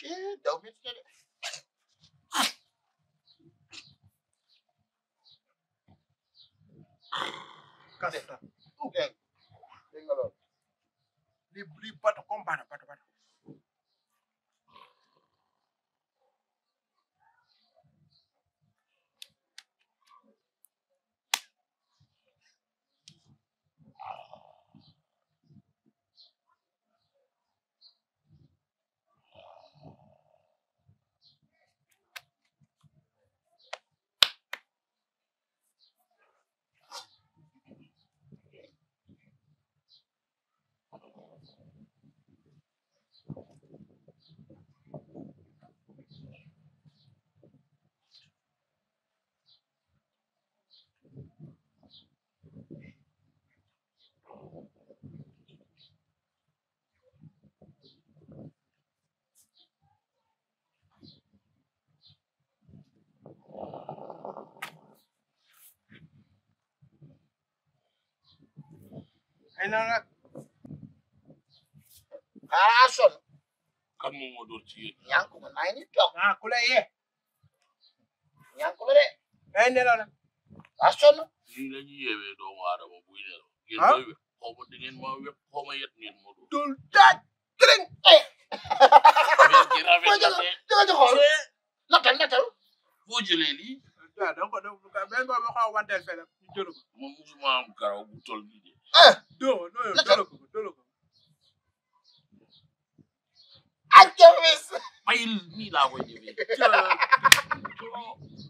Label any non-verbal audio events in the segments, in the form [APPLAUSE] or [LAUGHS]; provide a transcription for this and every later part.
Şey devlet geliyor. Kasta. Dégg li li batu comme batu batu xanaa nag xaaraa ah, sonn. kan moom moo doon ci yéen. ñànku ma maa ngi nii toog. ah ku la yee. ñànku la de. day nelaw nag. daa sonn. nii la ñuy yeewee doomu aadama buy nelaw. ngeen koy ah? wépp xaw ma dangeen maa wépp xaw ma yet ngeen moo doon. dul daaj tërëng. Eh. affaire bi na [LAUGHS] de. dama ci xool nattal nattal. boo jëlee lii. waaw donc donc benn boobu ma xaw wanteel feneen ñu jëlu ko. moom musuma am garaw bu toll nii de. ah non non yow jëlu ko jëlu ko. ak jëfis. bayil nii laa koy jëfee.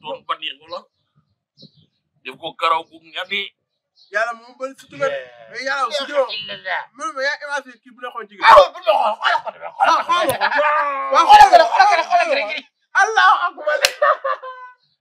doon ba neex wala. def ko garaw bu nga de. yàlla moom ba surtout que mais yàlla bu jëloon même mais yaa évacué kii bu nekkoon jigéen. ah bu nekkoon xoolal ko de xoolal ko de ah, waaw xoolal ko de xoolal ko de xoolal ko de. allahu akbar. [LAUGHS]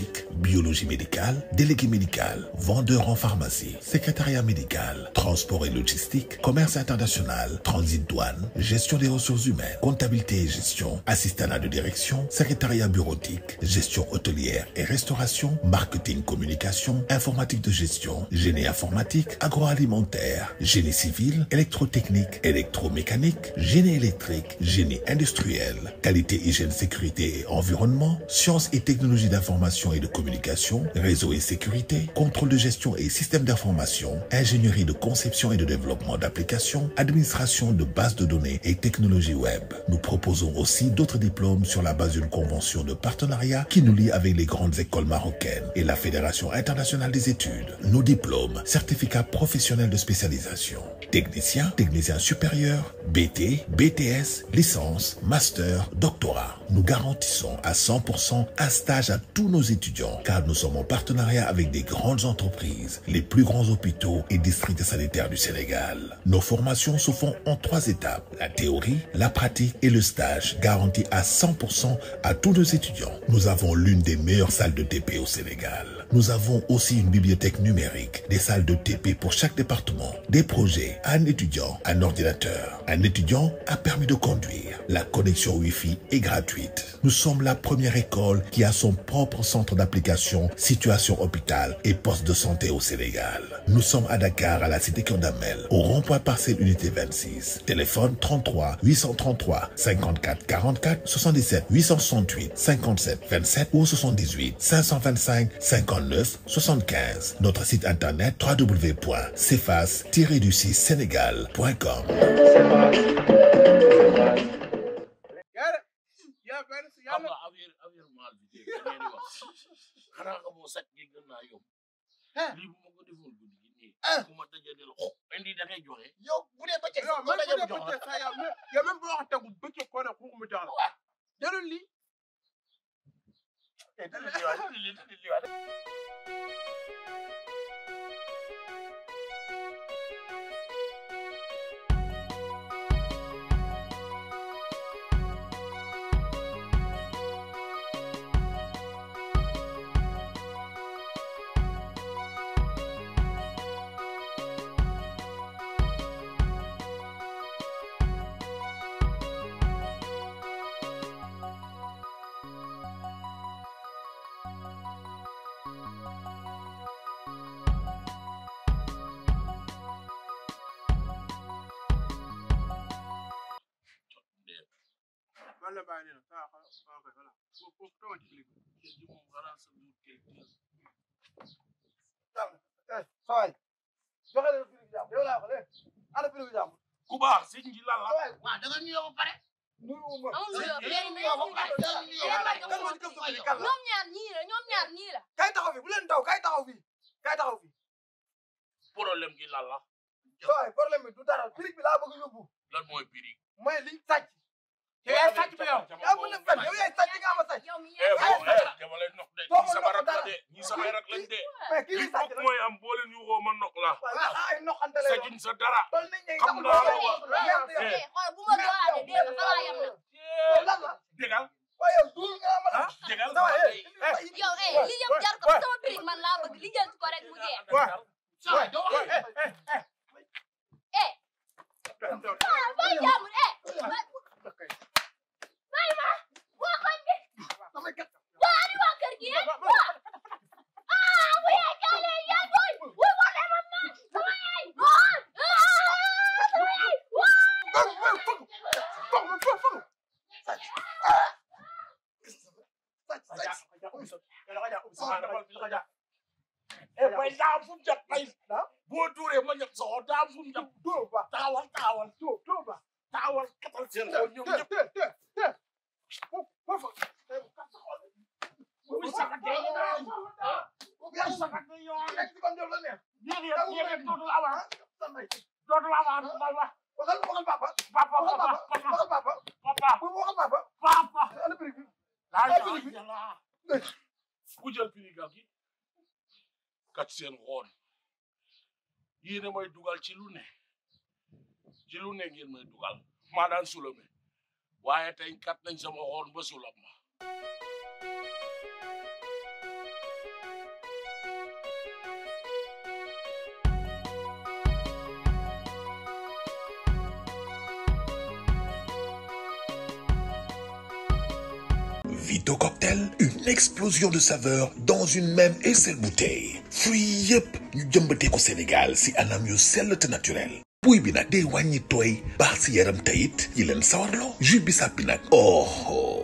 biologique, biologie médicale, délégué médical, vendeur en pharmacie, secrétariat médical, transport et logistique, commerce international, transit douane, gestion des ressources humaines, comptabilité et gestion, assistanat de direction, secrétariat bureautique, gestion hôtelière et restauration, marketing communication, informatique de gestion, génie informatique, agroalimentaire, génie civil, électrotechnique, électromécanique, génie électrique, génie industriel, qualité, d'information de communication, réseau et sécurité, contrôle de gestion et système d'information, ingénierie de conception et de développement d'applications, administration de bases de données et technologies web. Nous proposons aussi d'autres diplômes sur la base d'une convention de partenariat qui nous lie avec les grandes écoles marocaines et la Fédération internationale des études. Nos diplômes, certificats professionnels de spécialisation, technicien, technicien supérieur, BT, BTS, licence, nous garantissons à 100% un stage à tous nos étudiants car nous sommes en partenariat avec des grandes entreprises, les plus grands hôpitaux et districts sanitaires du Sénégal. Nos formations se font en trois étapes, la théorie, la pratique et le stage garantis à 100% à tous nos étudiants. Nous avons l'une des meilleures salles de TP au Sénégal. nous avons aussi une bibliothèque numérique, des salles de TP pour chaque département, des projets, un étudiant, un ordinateur, un étudiant, un permis de La connexion Wi-Fi est a son situation hôpital et poste de santé au Sénégal. Nous sommes à Dakar, à la cité Kondamel, au rond-point parcelle unité 26. Téléphone 33 833 54 44 59 75. Notre site internet www.cefas-du6sénégal.com. ah bu ma dajee delloo xo indi da ngay joxe. yow bu dee bëccëg yow même boo xam ne tegu bëccëg koo ne xuxu mu tax la. waaw jarul lii. tẹ́lẹ̀ lè wá tẹ́lẹ̀ lè wá. Allah baa nee na saa ko saa ko voilà eh, nga nuyoo ba pare nuyoo ma ñoom ñaar ñii la ñoom ñaar ñii la kay taxaw fi bu leen daw kay taxaw fi kay taxaw fi problème gi lan la saway problème du dara birig bi laa bëgg yóbbu lan mooy birig mooy liñ sàcc yow yaay sàcc bi yow. yow bu ne fen yow yaay sàcc nga ama sàcc. Eh, eh, dama lay noq de ñii sama rak la de ñii sama rak lañ de. li bokk mooy am boo leen yuxoo ma noq la. ay noqante la sajuñ sa dara. xam naa la wa. Eh, bu ma doon dégal. waaye yow duul nga ama la. dégal. jën daal ñoom ñëpp. ku jël prix gàll gi kat seen xool yéen a may dugal ci lu ne ci lu ne ngeen may dugal. maa daan tey kat nañ sama xoon ba sulam ma Vito Cocktail, une explosion de saveurs dans une même et seule bouteille fruits yëpp ñu jëmbatee ko Sénégal si anam yu sell te naturel puy bi nag day wàññi tooy baax si yaram tayit yi leen sawarloo jus bisaab bi nag oh, oh.